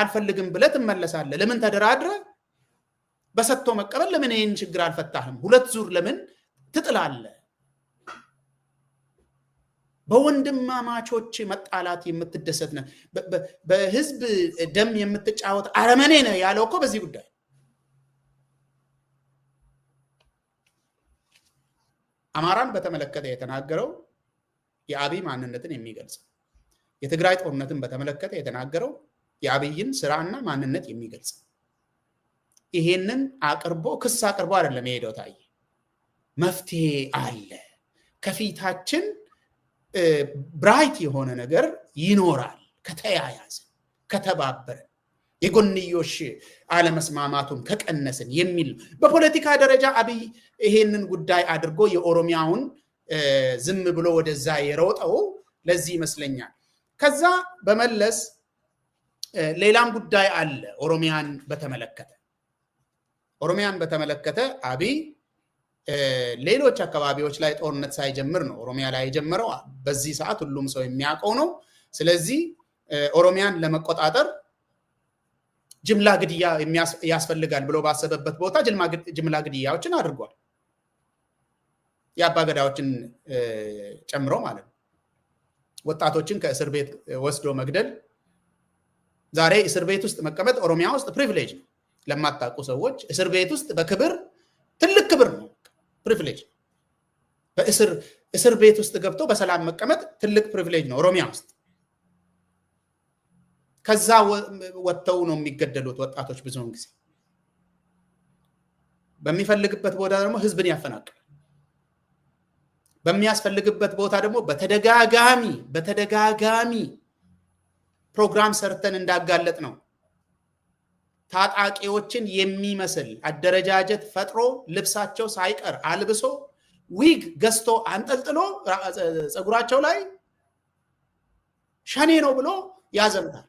አልፈልግም ብለ ትመለሳለ ለምን ተደራድረ? በሰጥቶ መቀበል ለምን ይህን ችግር አልፈታህም? ሁለት ዙር ለምን ትጥላለ? በወንድማማቾች መጣላት የምትደሰት ነ በህዝብ ደም የምትጫወት አረመኔ ነ ያለው እኮ በዚህ ጉዳይ አማራን በተመለከተ የተናገረው የአብይ ማንነትን የሚገልጽ የትግራይ ጦርነትን በተመለከተ የተናገረው የአብይን ስራና ማንነት የሚገልጽ ይሄንን አቅርቦ ክስ አቅርቦ አይደለም የሄደው ታየ መፍትሄ አለ ከፊታችን ብራይት የሆነ ነገር ይኖራል ከተያያዝን፣ ከተባበረን የጎንዮሽ አለመስማማቱን ከቀነስን የሚል በፖለቲካ ደረጃ አብይ ይሄንን ጉዳይ አድርጎ የኦሮሚያውን ዝም ብሎ ወደዛ የሮጠው ለዚህ ይመስለኛል። ከዛ በመለስ ሌላም ጉዳይ አለ። ኦሮሚያን በተመለከተ ኦሮሚያን በተመለከተ አብይ ሌሎች አካባቢዎች ላይ ጦርነት ሳይጀምር ነው ኦሮሚያ ላይ የጀመረው። በዚህ ሰዓት ሁሉም ሰው የሚያውቀው ነው። ስለዚህ ኦሮሚያን ለመቆጣጠር ጅምላ ግድያ ያስፈልጋል ብሎ ባሰበበት ቦታ ጅምላ ግድያዎችን አድርጓል። የአባገዳዎችን ጨምሮ ማለት ነው። ወጣቶችን ከእስር ቤት ወስዶ መግደል ዛሬ እስር ቤት ውስጥ መቀመጥ ኦሮሚያ ውስጥ ፕሪቪሌጅ ነው። ለማታውቁ ሰዎች እስር ቤት ውስጥ በክብር ትልቅ ክብር ነው፣ ፕሪቪሌጅ ነው። በእስር እስር ቤት ውስጥ ገብቶ በሰላም መቀመጥ ትልቅ ፕሪቪሌጅ ነው ኦሮሚያ ውስጥ። ከዛ ወጥተው ነው የሚገደሉት ወጣቶች ብዙውን ጊዜ። በሚፈልግበት ቦታ ደግሞ ህዝብን ያፈናቅላል። በሚያስፈልግበት ቦታ ደግሞ በተደጋጋሚ በተደጋጋሚ ፕሮግራም ሰርተን እንዳጋለጥ ነው። ታጣቂዎችን የሚመስል አደረጃጀት ፈጥሮ ልብሳቸው ሳይቀር አልብሶ ዊግ ገዝቶ አንጠልጥሎ ፀጉራቸው ላይ ሸኔ ነው ብሎ ያዘምታል።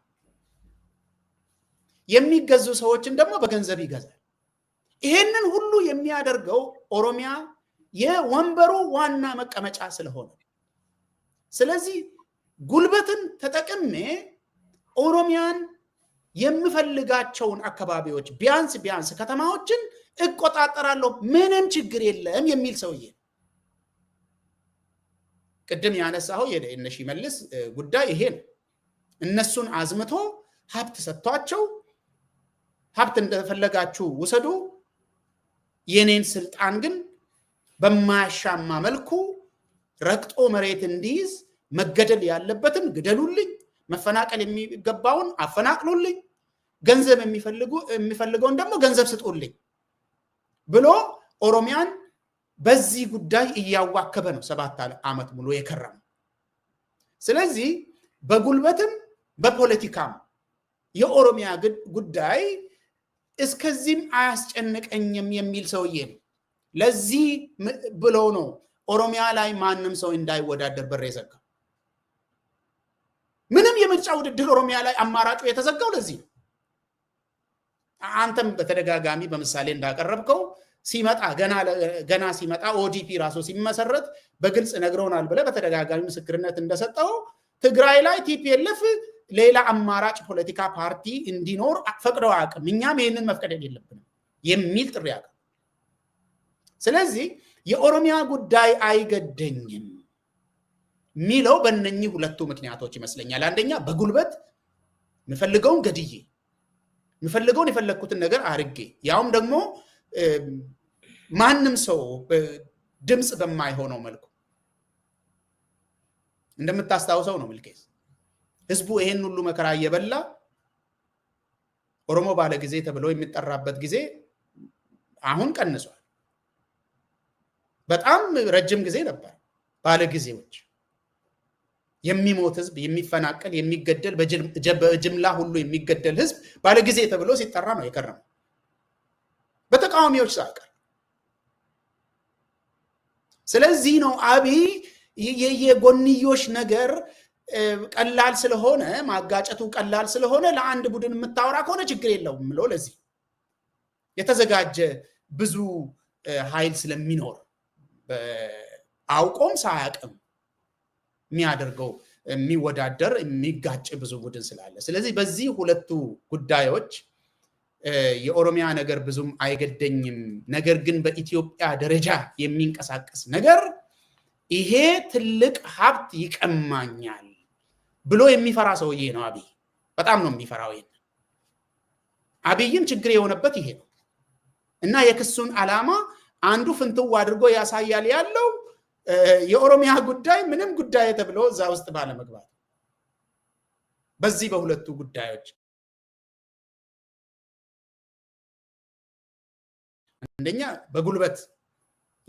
የሚገዙ ሰዎችን ደግሞ በገንዘብ ይገዛል። ይሄንን ሁሉ የሚያደርገው ኦሮሚያ የወንበሩ ዋና መቀመጫ ስለሆነ ስለዚህ ጉልበትን ተጠቅሜ ኦሮሚያን የምፈልጋቸውን አካባቢዎች ቢያንስ ቢያንስ ከተማዎችን እቆጣጠራለሁ፣ ምንም ችግር የለም የሚል ሰውዬ ቅድም ያነሳው የእነ ሽመልስ ጉዳይ ይሄ ነው። እነሱን አዝምቶ ሀብት ሰጥቷቸው ሀብት እንደፈለጋችሁ ውሰዱ፣ የኔን ስልጣን ግን በማያሻማ መልኩ ረግጦ መሬት እንዲይዝ መገደል ያለበትን ግደሉልኝ መፈናቀል የሚገባውን አፈናቅሉልኝ፣ ገንዘብ የሚፈልገውን ደግሞ ገንዘብ ስጡልኝ ብሎ ኦሮሚያን በዚህ ጉዳይ እያዋከበ ነው ሰባት ዓመት ሙሉ የከረመው። ስለዚህ በጉልበትም በፖለቲካም የኦሮሚያ ጉዳይ እስከዚህም አያስጨንቀኝም የሚል ሰውዬ ነው። ለዚህ ብሎ ነው ኦሮሚያ ላይ ማንም ሰው እንዳይወዳደር በር የዘጋው። ምንም የምርጫ ውድድር ኦሮሚያ ላይ አማራጩ የተዘጋው ለዚህ ነው። አንተም በተደጋጋሚ በምሳሌ እንዳቀረብከው ሲመጣ ገና ሲመጣ ኦዲፒ ራሱ ሲመሰረት በግልጽ ነግረውናል ብለህ በተደጋጋሚ ምስክርነት እንደሰጠው ትግራይ ላይ ቲፒኤልኤፍ ሌላ አማራጭ ፖለቲካ ፓርቲ እንዲኖር ፈቅደው አያውቅም። እኛም ይህንን መፍቀድ የለብንም የሚል ጥሪ ያቀ ስለዚህ የኦሮሚያ ጉዳይ አይገደኝም የሚለው በእነኚህ ሁለቱ ምክንያቶች ይመስለኛል። አንደኛ በጉልበት የምፈልገውን ገድዬ የምፈልገውን የፈለግኩትን ነገር አርጌ ያውም ደግሞ ማንም ሰው ድምፅ በማይሆነው መልኩ እንደምታስታውሰው ነው ምልኬስ ህዝቡ ይሄን ሁሉ መከራ እየበላ ኦሮሞ ባለ ጊዜ ተብሎ የሚጠራበት ጊዜ አሁን ቀንሷል። በጣም ረጅም ጊዜ ነበር ባለ ጊዜዎች የሚሞት ህዝብ፣ የሚፈናቀል፣ የሚገደል፣ በጅምላ ሁሉ የሚገደል ህዝብ ባለጊዜ ተብሎ ሲጠራ ነው የከረመው በተቃዋሚዎች ሳይቀር። ስለዚህ ነው አብይ የጎንዮሽ ነገር ቀላል ስለሆነ ማጋጨቱ ቀላል ስለሆነ ለአንድ ቡድን የምታወራ ከሆነ ችግር የለውም ብሎ ለዚህ የተዘጋጀ ብዙ ኃይል ስለሚኖር አውቆም ሳያቅም የሚያደርገው የሚወዳደር የሚጋጭ ብዙ ቡድን ስላለ፣ ስለዚህ በዚህ ሁለቱ ጉዳዮች የኦሮሚያ ነገር ብዙም አይገደኝም። ነገር ግን በኢትዮጵያ ደረጃ የሚንቀሳቀስ ነገር ይሄ ትልቅ ሀብት ይቀማኛል ብሎ የሚፈራ ሰውዬ ነው አብይ። በጣም ነው የሚፈራው። ይሄን አብይም ችግር የሆነበት ይሄ ነው እና የክሱን ዓላማ አንዱ ፍንትው አድርጎ ያሳያል ያለው የኦሮሚያ ጉዳይ ምንም ጉዳይ ተብሎ እዛ ውስጥ ባለመግባት በዚህ በሁለቱ ጉዳዮች አንደኛ በጉልበት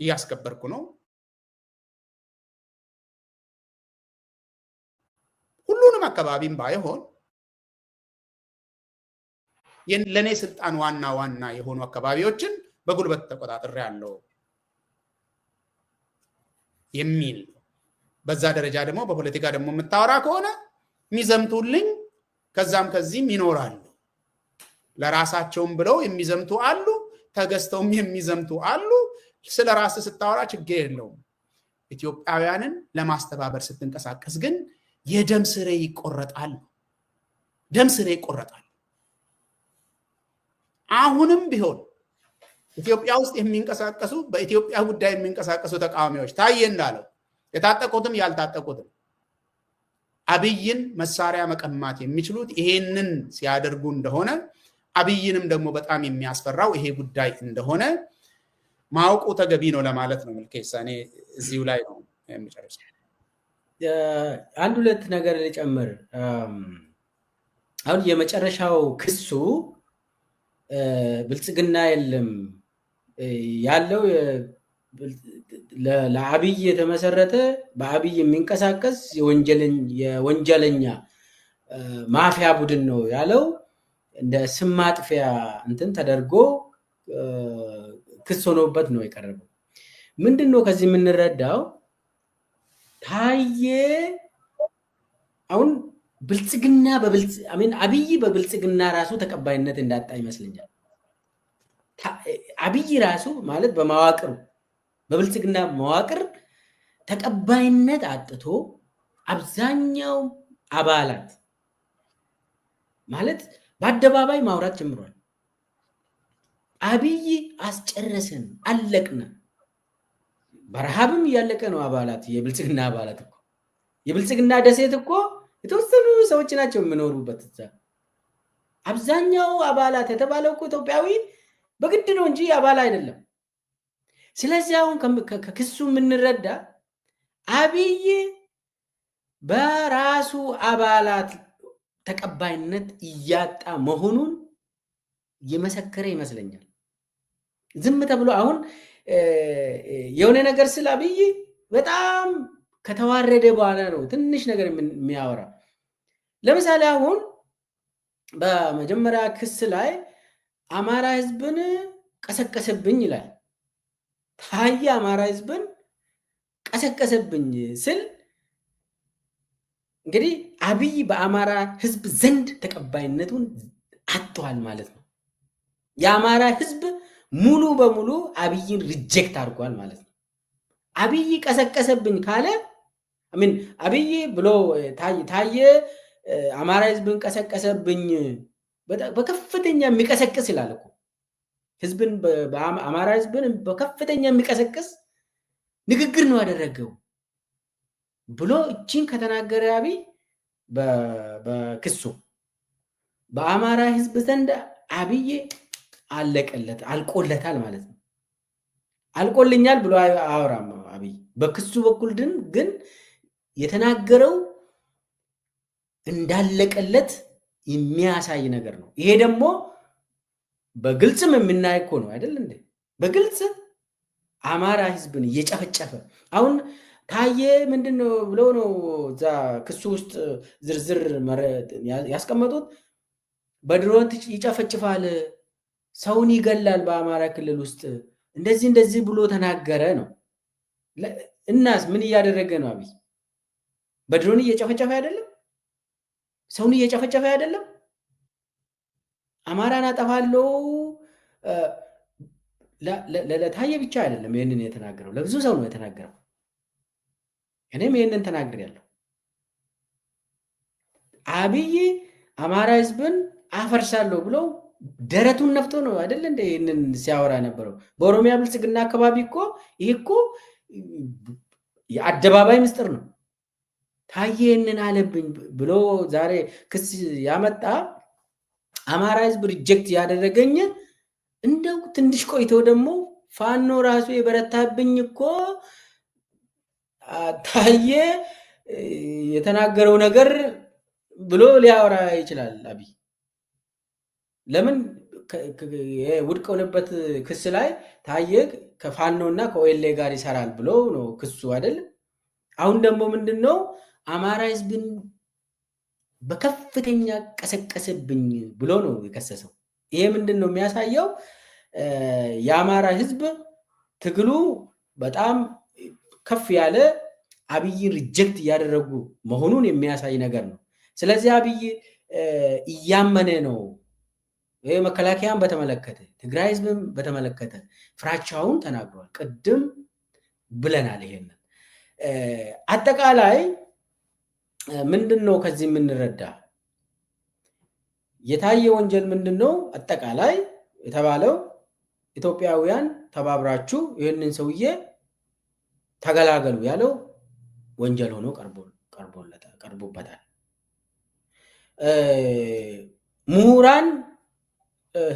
እያስከበርኩ ነው። ሁሉንም አካባቢም ባይሆን ለእኔ ስልጣን ዋና ዋና የሆኑ አካባቢዎችን በጉልበት ተቆጣጥሬ ያለው የሚል ነው። በዛ ደረጃ ደግሞ በፖለቲካ ደግሞ የምታወራ ከሆነ የሚዘምቱልኝ ከዛም ከዚህም ይኖራሉ። ለራሳቸውም ብለው የሚዘምቱ አሉ፣ ተገዝተውም የሚዘምቱ አሉ። ስለ ራስ ስታወራ ችግር የለውም። ኢትዮጵያውያንን ለማስተባበር ስትንቀሳቀስ ግን የደም ስሬ ይቆረጣል፣ ደም ስሬ ይቆረጣል። አሁንም ቢሆን ኢትዮጵያ ውስጥ የሚንቀሳቀሱ በኢትዮጵያ ጉዳይ የሚንቀሳቀሱ ተቃዋሚዎች ታየ እንዳለው የታጠቁትም ያልታጠቁትም አብይን መሳሪያ መቀማት የሚችሉት ይሄንን ሲያደርጉ እንደሆነ አብይንም ደግሞ በጣም የሚያስፈራው ይሄ ጉዳይ እንደሆነ ማወቁ ተገቢ ነው ለማለት ነው። መልኬሳ እኔ እዚሁ ላይ ነው የሚጨርሰው። አንድ ሁለት ነገር ልጨምር። አሁን የመጨረሻው ክሱ ብልጽግና የለም ያለው ለአብይ የተመሰረተ በአብይ የሚንቀሳቀስ የወንጀለኛ ማፊያ ቡድን ነው ያለው እንደ ስም ማጥፊያ እንትን ተደርጎ ክስ ሆኖበት ነው የቀረበው። ምንድን ነው ከዚህ የምንረዳው? ታዬ አሁን ብልጽግና አብይ በብልጽግና ራሱ ተቀባይነት እንዳጣ ይመስለኛል። አብይ ራሱ ማለት በመዋቅሩ በብልጽግና መዋቅር ተቀባይነት አጥቶ አብዛኛው አባላት ማለት በአደባባይ ማውራት ጀምሯል። አብይ አስጨረሰን፣ አለቅነ። በረሃብም እያለቀ ነው አባላት፣ የብልጽግና አባላት እኮ የብልጽግና ደሴት እኮ የተወሰኑ ሰዎች ናቸው የምኖሩበት። አብዛኛው አባላት የተባለው እኮ ኢትዮጵያዊ በግድ ነው እንጂ አባል አይደለም። ስለዚህ አሁን ከክሱ የምንረዳ አብይ በራሱ አባላት ተቀባይነት እያጣ መሆኑን የመሰከረ ይመስለኛል። ዝም ተብሎ አሁን የሆነ ነገር ስለ አብይ በጣም ከተዋረደ በኋላ ነው ትንሽ ነገር የሚያወራ። ለምሳሌ አሁን በመጀመሪያ ክስ ላይ አማራ ህዝብን ቀሰቀሰብኝ ይላል። ታዬ አማራ ህዝብን ቀሰቀሰብኝ ስል እንግዲህ አብይ በአማራ ህዝብ ዘንድ ተቀባይነቱን አጥተዋል ማለት ነው። የአማራ ህዝብ ሙሉ በሙሉ አብይን ሪጀክት አድርጓል ማለት ነው። አብይ ቀሰቀሰብኝ ካለ አብይ ብሎ ታዬ አማራ ህዝብን ቀሰቀሰብኝ በከፍተኛ የሚቀሰቅስ ይላል እኮ ህዝብን አማራ ህዝብን በከፍተኛ የሚቀሰቅስ ንግግር ነው ያደረገው ብሎ እቺን ከተናገረ አብይ በክሱ በአማራ ህዝብ ዘንድ አብይ አለቀለት አልቆለታል ማለት ነው። አልቆልኛል ብሎ አወራም አብይ። በክሱ በኩል ግን የተናገረው እንዳለቀለት የሚያሳይ ነገር ነው። ይሄ ደግሞ በግልጽም የምናይ እኮ ነው አይደል እንዴ? በግልጽ አማራ ህዝብን እየጨፈጨፈ አሁን ታየ ምንድን ነው ብለው ነው እዛ ክሱ ውስጥ ዝርዝር ያስቀመጡት። በድሮን ይጨፈጭፋል፣ ሰውን ይገላል፣ በአማራ ክልል ውስጥ እንደዚህ እንደዚህ ብሎ ተናገረ ነው። እናስ ምን እያደረገ ነው? አብይ በድሮን እየጨፈጨፈ አይደለም ሰውን እየጨፈጨፈ አይደለም። አማራን አጠፋለው ለታየ ብቻ አይደለም ይህንን የተናገረው፣ ለብዙ ሰው ነው የተናገረው። እኔም ይህንን ያለው። አብይ አማራ ህዝብን አፈርሳለሁ ብለው ደረቱን ነፍቶ ነው አይደለ እንደ ይህንን ሲያወራ ነበረው። በኦሮሚያ ብልጽግና አካባቢ እኮ ይህ እኮ የአደባባይ ምስጢር ነው። ታዬንን አለብኝ ብሎ ዛሬ ክስ ያመጣ አማራ ህዝብ ሪጀክት ያደረገኝ እንደው ትንሽ ቆይቶ ደግሞ ፋኖ ራሱ የበረታብኝ እኮ ታዬ የተናገረው ነገር ብሎ ሊያወራ ይችላል። አብይ ለምን ውድቅ ክስ ላይ ታዬ ከፋኖ እና ከኦኤልኤ ጋር ይሰራል ብሎ ነው ክሱ አይደለም። አሁን ደግሞ ምንድን ነው አማራ ህዝብን በከፍተኛ ቀሰቀሰብኝ ብሎ ነው የከሰሰው። ይሄ ምንድን ነው የሚያሳየው? የአማራ ህዝብ ትግሉ በጣም ከፍ ያለ አብይ ሪጀክት እያደረጉ መሆኑን የሚያሳይ ነገር ነው። ስለዚህ አብይ እያመነ ነው። መከላከያን በተመለከተ ትግራይ ህዝብን በተመለከተ ፍራቻውን ተናግሯል። ቅድም ብለናል። ይሄንን አጠቃላይ ምንድን ነው ከዚህ የምንረዳ? የታየ ወንጀል ምንድን ነው? አጠቃላይ የተባለው ኢትዮጵያውያን ተባብራችሁ ይህንን ሰውዬ ተገላገሉ ያለው ወንጀል ሆኖ ቀርቦበታል። ምሁራን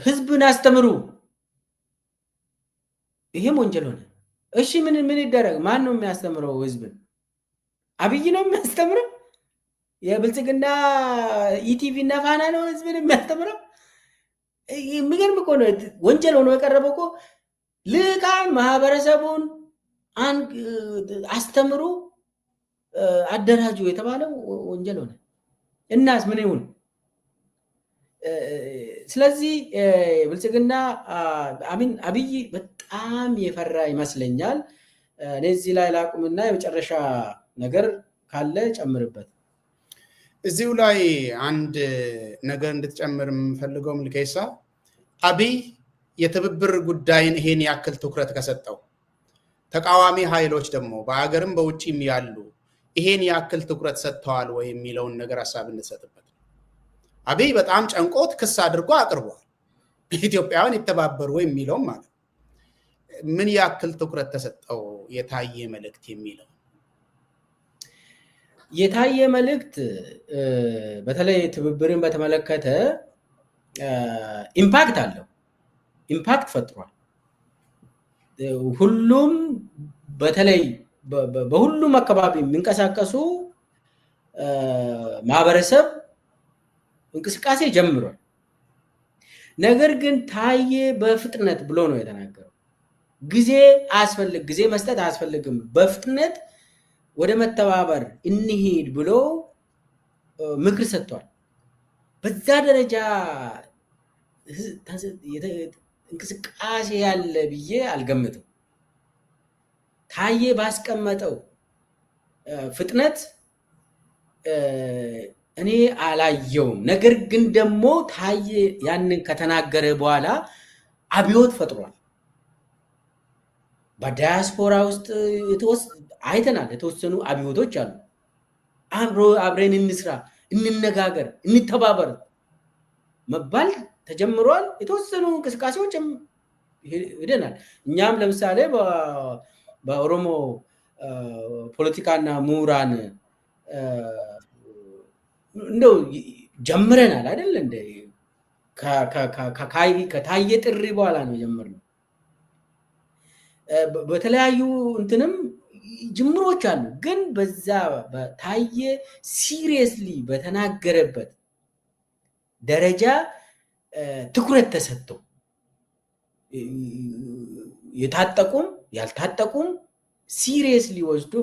ህዝብን አስተምሩ፣ ይህም ወንጀል ሆነ። እሺ ምን ምን ይደረግ? ማን ነው የሚያስተምረው? ህዝብን አብይ ነው የሚያስተምረው? የብልጽግና ኢቲቪ እና ፋና ነው ህዝብን የሚያስተምረው። የሚገርም እኮ ነው። ወንጀል ሆኖ የቀረበው እኮ ልቃን ማህበረሰቡን አስተምሩ፣ አደራጁ የተባለው ወንጀል ሆነ። እናስ ምን ይሁን? ስለዚህ ብልጽግና አሚን አብይ በጣም የፈራ ይመስለኛል። እኔ እዚህ ላይ ላቁምና የመጨረሻ ነገር ካለ ጨምርበት። እዚሁ ላይ አንድ ነገር እንድትጨምር የምፈልገው ምልኬሳ አብይ የትብብር ጉዳይን ይሄን ያክል ትኩረት ከሰጠው ተቃዋሚ ኃይሎች ደግሞ በሀገርም በውጭም ያሉ ይሄን ያክል ትኩረት ሰጥተዋል ወይ የሚለውን ነገር ሀሳብ እንሰጥበት አብይ በጣም ጨንቆት ክስ አድርጎ አቅርቧል። ኢትዮጵያውያን ይተባበሩ የሚለውም ማለት ምን ያክል ትኩረት ተሰጠው የታየ መልእክት የሚለው የታየ መልእክት በተለይ ትብብርን በተመለከተ ኢምፓክት አለው፣ ኢምፓክት ፈጥሯል። ሁሉም በተለይ በሁሉም አካባቢ የሚንቀሳቀሱ ማህበረሰብ እንቅስቃሴ ጀምሯል። ነገር ግን ታየ በፍጥነት ብሎ ነው የተናገረው። ጊዜ አያስፈልግ ጊዜ መስጠት አያስፈልግም። በፍጥነት ወደ መተባበር እንሄድ ብሎ ምክር ሰጥቷል። በዛ ደረጃ እንቅስቃሴ ያለ ብዬ አልገምትም። ታዬ ባስቀመጠው ፍጥነት እኔ አላየውም። ነገር ግን ደግሞ ታዬ ያንን ከተናገረ በኋላ አብዮት ፈጥሯል። በዳያስፖራ ውስጥ አይተናል። የተወሰኑ አብዮቶች አሉ። አብረን እንስራ፣ እንነጋገር፣ እንተባበር መባል ተጀምሯል። የተወሰኑ እንቅስቃሴዎችም ሂደናል። እኛም ለምሳሌ በኦሮሞ ፖለቲካና ምሁራን እንደው ጀምረናል አይደለ? እንደ ከታየ ጥሪ በኋላ ነው የጀመርነው። በተለያዩ እንትንም ጅምሮች አሉ። ግን በዛ ታየ ሲሪየስሊ በተናገረበት ደረጃ ትኩረት ተሰጥተው የታጠቁም ያልታጠቁም ሲሪየስሊ ወስዶ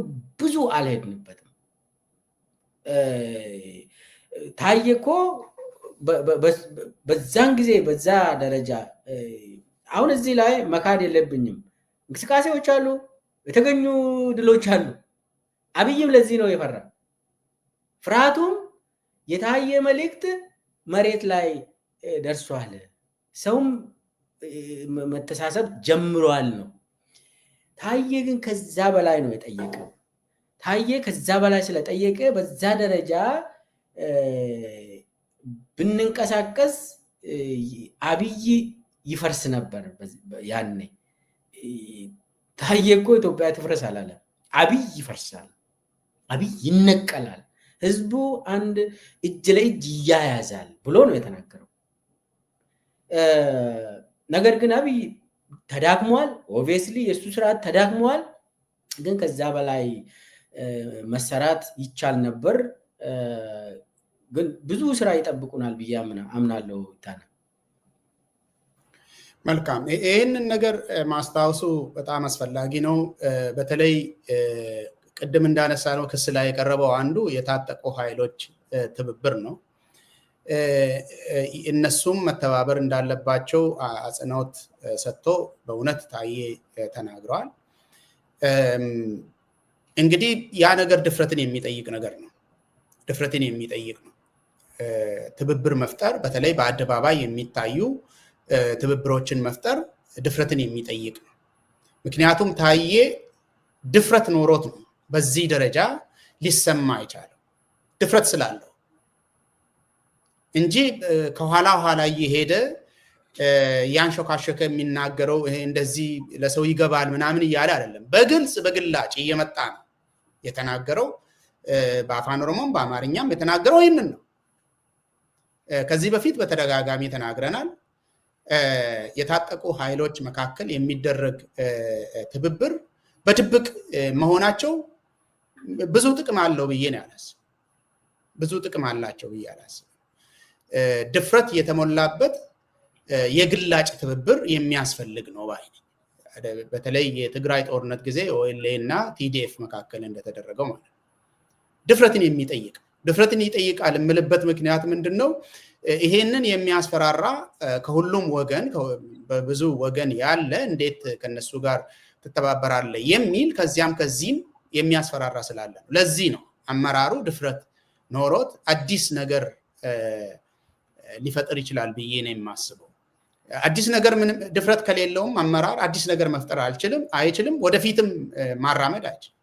ብዙ አልሄድንበትም። ታየ እኮ በዛን ጊዜ በዛ ደረጃ አሁን እዚህ ላይ መካድ የለብኝም እንቅስቃሴዎች አሉ። የተገኙ ድሎች አሉ። አብይም ለዚህ ነው የፈራ። ፍርሃቱም የታየ መልእክት መሬት ላይ ደርሷል፣ ሰውም መተሳሰብ ጀምሯል ነው። ታየ ግን ከዛ በላይ ነው የጠየቀው። ታየ ከዛ በላይ ስለጠየቀ በዛ ደረጃ ብንንቀሳቀስ አብይ ይፈርስ ነበር ያኔ ታዬ እኮ ኢትዮጵያ ትፍረስ አላለ አብይ ይፈርሳል፣ አብይ ይነቀላል፣ ህዝቡ አንድ እጅ ለእጅ እያያዛል ብሎ ነው የተናገረው። ነገር ግን አብይ ተዳክመዋል። ኦብቪየስሊ የእሱ ስርዓት ተዳክመዋል። ግን ከዛ በላይ መሰራት ይቻል ነበር። ግን ብዙ ስራ ይጠብቁናል ብዬ አምናለሁ። ይታነ መልካም ይህንን ነገር ማስታወሱ በጣም አስፈላጊ ነው። በተለይ ቅድም እንዳነሳ ነው ክስ ላይ የቀረበው አንዱ የታጠቁ ኃይሎች ትብብር ነው። እነሱም መተባበር እንዳለባቸው አጽንኦት ሰጥቶ በእውነት ታዬ ተናግረዋል። እንግዲህ ያ ነገር ድፍረትን የሚጠይቅ ነገር ነው። ድፍረትን የሚጠይቅ ነው። ትብብር መፍጠር በተለይ በአደባባይ የሚታዩ ትብብሮችን መፍጠር ድፍረትን የሚጠይቅ ነው። ምክንያቱም ታዬ ድፍረት ኖሮት ነው በዚህ ደረጃ ሊሰማ አይቻለም። ድፍረት ስላለው እንጂ ከኋላ ኋላ እየሄደ ያንሾካሾከ የሚናገረው እንደዚህ ለሰው ይገባል ምናምን እያለ አይደለም። በግልጽ በግላጭ እየመጣ ነው የተናገረው። በአፋን ኦሮሞም በአማርኛም የተናገረው ይህንን ነው። ከዚህ በፊት በተደጋጋሚ ተናግረናል። የታጠቁ ኃይሎች መካከል የሚደረግ ትብብር በድብቅ መሆናቸው ብዙ ጥቅም አለው ብዬ ነው ያላስ ብዙ ጥቅም አላቸው ብዬ ያላስ ድፍረት የተሞላበት የግላጭ ትብብር የሚያስፈልግ ነው ባይ በተለይ የትግራይ ጦርነት ጊዜ ኦኤልኤ እና ቲዲኤፍ መካከል እንደተደረገው ማለት ነው። ድፍረትን የሚጠይቅ ድፍረትን ይጠይቃል የምልበት ምክንያት ምንድን ነው? ይሄንን የሚያስፈራራ ከሁሉም ወገን በብዙ ወገን ያለ እንዴት ከነሱ ጋር ትተባበራለ የሚል ከዚያም ከዚህም የሚያስፈራራ ስላለ ነው። ለዚህ ነው አመራሩ ድፍረት ኖሮት አዲስ ነገር ሊፈጥር ይችላል ብዬ ነው የማስበው። አዲስ ነገር ምንም ድፍረት ከሌለውም አመራር አዲስ ነገር መፍጠር አልችልም አይችልም፣ ወደፊትም ማራመድ አይችልም።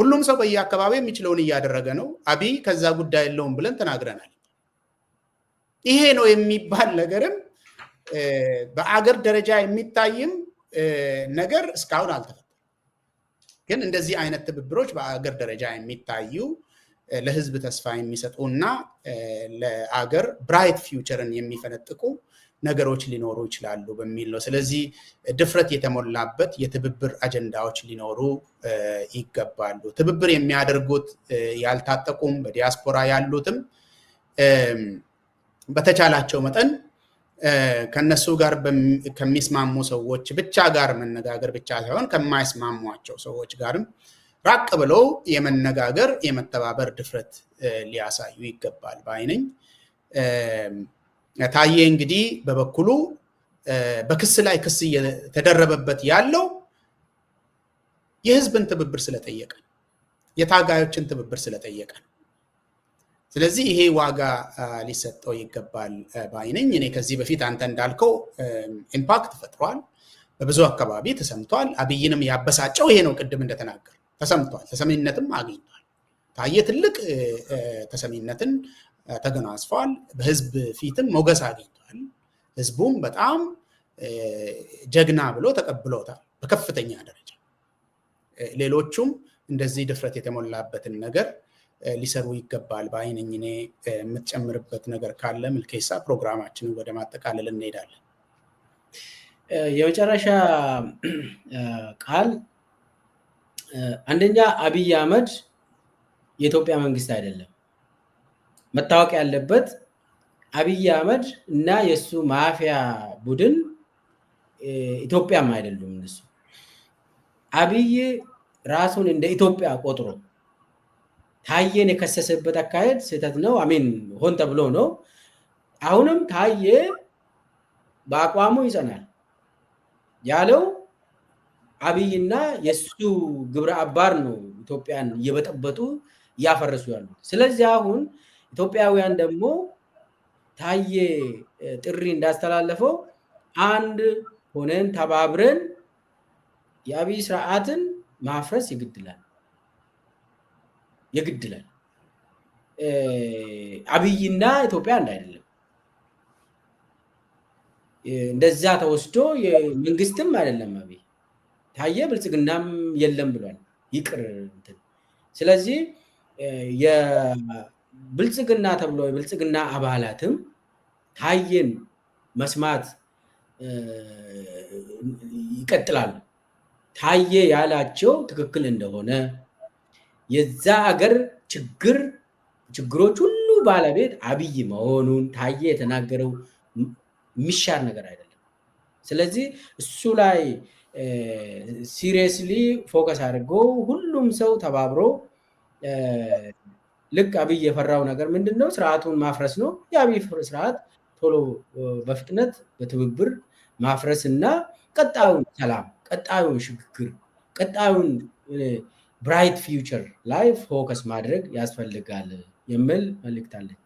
ሁሉም ሰው በየአካባቢው የሚችለውን እያደረገ ነው። አብይ ከዛ ጉዳይ የለውም ብለን ተናግረናል። ይሄ ነው የሚባል ነገርም በአገር ደረጃ የሚታይም ነገር እስካሁን አልተፈጠረም። ግን እንደዚህ አይነት ትብብሮች በአገር ደረጃ የሚታዩ ለህዝብ ተስፋ የሚሰጡ እና ለአገር ብራይት ፊውቸርን የሚፈነጥቁ ነገሮች ሊኖሩ ይችላሉ በሚል ነው። ስለዚህ ድፍረት የተሞላበት የትብብር አጀንዳዎች ሊኖሩ ይገባሉ። ትብብር የሚያደርጉት ያልታጠቁም በዲያስፖራ ያሉትም በተቻላቸው መጠን ከነሱ ጋር ከሚስማሙ ሰዎች ብቻ ጋር መነጋገር ብቻ ሳይሆን ከማይስማሟቸው ሰዎች ጋርም ራቅ ብለው የመነጋገር የመተባበር ድፍረት ሊያሳዩ ይገባል ባይ ታዬ እንግዲህ በበኩሉ በክስ ላይ ክስ እየተደረበበት ያለው የህዝብን ትብብር ስለጠየቀ የታጋዮችን ትብብር ስለጠየቀ ስለዚህ ይሄ ዋጋ ሊሰጠው ይገባል በአይነኝ እኔ ከዚህ በፊት አንተ እንዳልከው ኢምፓክት ፈጥሯል። በብዙ አካባቢ ተሰምቷል። አብይንም ያበሳጨው ይሄ ነው። ቅድም እንደተናገር ተሰምቷል፣ ተሰሚነትም አግኝቷል። ታየ ትልቅ ተሰሚነትን ተገናስፏል በህዝብ ፊትም ሞገስ አግኝቷል። ህዝቡም በጣም ጀግና ብሎ ተቀብሎታል በከፍተኛ ደረጃ። ሌሎቹም እንደዚህ ድፍረት የተሞላበትን ነገር ሊሰሩ ይገባል። በአይነኝ እኔ የምትጨምርበት ነገር ካለ ምልኬሳ፣ ፕሮግራማችንን ወደ ማጠቃለል እንሄዳለን። የመጨረሻ ቃል አንደኛ አብይ አህመድ የኢትዮጵያ መንግስት አይደለም። መታወቅ ያለበት አብይ አህመድ እና የእሱ ማፊያ ቡድን ኢትዮጵያም አይደሉም። እነሱ አብይ ራሱን እንደ ኢትዮጵያ ቆጥሮ ታዬን የከሰሰበት አካሄድ ስህተት ነው። አሜን ሆን ተብሎ ነው። አሁንም ታዬ በአቋሙ ይጸናል ያለው አብይና የእሱ ግብረ አባር ነው ኢትዮጵያን እየበጠበጡ እያፈረሱ ያሉት። ስለዚህ አሁን ኢትዮጵያውያን ደግሞ ታዬ ጥሪ እንዳስተላለፈው አንድ ሆነን ተባብረን የአብይ ስርዓትን ማፍረስ ይግድላል። የግድ ይላል። አብይና ኢትዮጵያ አንድ አይደለም። እንደዛ ተወስዶ መንግስትም አይደለም አብይ ታየ ብልጽግናም የለም ብሏል። ይቅር እንትን ስለዚህ የብልጽግና ተብሎ የብልጽግና አባላትም ታየን መስማት ይቀጥላሉ። ታየ ያላቸው ትክክል እንደሆነ የዛ አገር ችግር ችግሮች ሁሉ ባለቤት አብይ መሆኑን ታየ የተናገረው የሚሻር ነገር አይደለም። ስለዚህ እሱ ላይ ሲሪየስሊ ፎከስ አድርጎ ሁሉም ሰው ተባብሮ ልክ አብይ የፈራው ነገር ምንድን ነው? ስርዓቱን ማፍረስ ነው። የአብይ ስርዓት ቶሎ በፍጥነት በትብብር ማፍረስ እና ቀጣዩን ሰላም፣ ቀጣዩን ሽግግር፣ ቀጣዩን ብራይት ፊውቸር ላይ ፎከስ ማድረግ ያስፈልጋል የሚል መልእክት አለኝ።